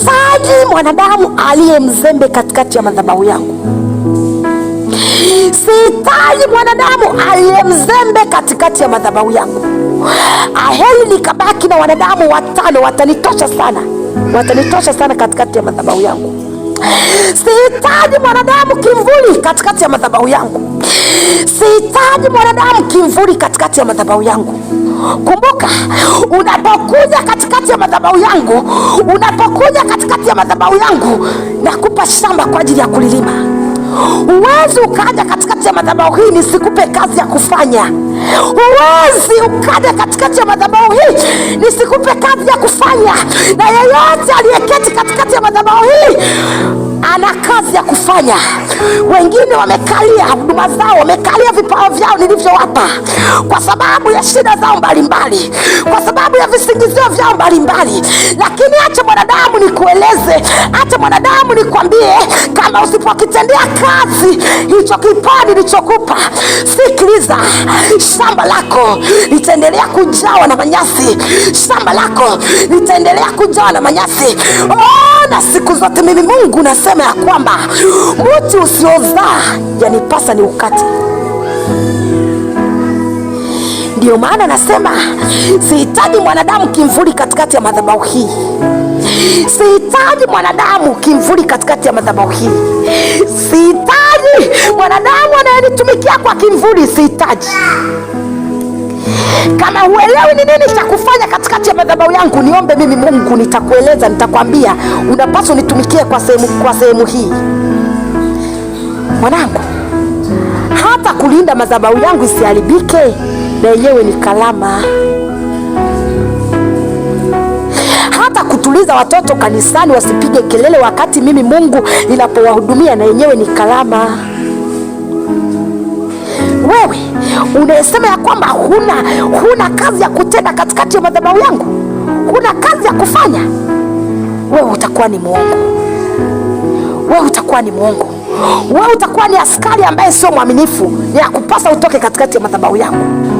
Sihitaji mwanadamu aliye mzembe katikati ya madhabahu yangu. Sihitaji mwanadamu aliye mzembe katikati ya madhabahu yangu. Aheli nikabaki na wanadamu watano, watanitosha sana, watanitosha sana katikati ya madhabahu yangu. Sihitaji mwanadamu kimvuli katikati ya madhabahu yangu, sihitaji mwanadamu kimvuli katikati ya madhabahu yangu. Kumbuka, unapokuja katikati ya madhabahu yangu, unapokuja katikati ya madhabahu yangu, nakupa shamba kwa ajili ya kulilima. Huwezi ukaja katikati ya madhabahu hii nisikupe kazi ya kufanya. Huwezi ukaja katikati ya madhabahu hii nisikupe kazi ya kufanya, na yeyote aliyeketi katikati ya madhabahu hii ana kazi ya kufanya. Wengine wamekalia huduma zao, wamekalia vipawa vyao nilivyowapa, kwa sababu ya shida zao mbalimbali, kwa sababu ya visingizio vyao mbalimbali. Lakini acha mwanadamu nikueleze, acha mwanadamu nikwambie na usipokitendea kazi hicho kipadi lichokupa. sikiliza, shamba lako litaendelea kujawa na manyasi, shamba lako litaendelea kujawa na manyasi. na siku zote mimi Mungu nasema ya kwamba mti usiozaa yanipasa ni ukati Ndiyo maana nasema sihitaji mwanadamu kimvuli katikati ya madhabahu hii. Sihitaji mwanadamu kimvuli katikati ya madhabahu hii. Sihitaji mwanadamu anayenitumikia kwa kimvuli, sihitaji. Kama huelewi ni nini cha kufanya katikati ya madhabahu yangu, niombe mimi Mungu, nitakueleza, nitakwambia unapaswa unitumikie kwa sehemu, kwa sehemu hii. Mwanangu, hata kulinda madhabahu yangu isiharibike na yenyewe ni kalama Stori za watoto kanisani wasipige kelele, wakati mimi Mungu ninapowahudumia na yenyewe ni karama. Wewe unasema ya kwamba huna huna kazi ya kutenda katikati ya madhabahu yangu, huna kazi ya kufanya. Wewe utakuwa ni mwongo, wewe utakuwa ni mwongo, wewe utakuwa ni askari ambaye sio mwaminifu. Ni akupasa utoke katikati ya madhabahu yangu.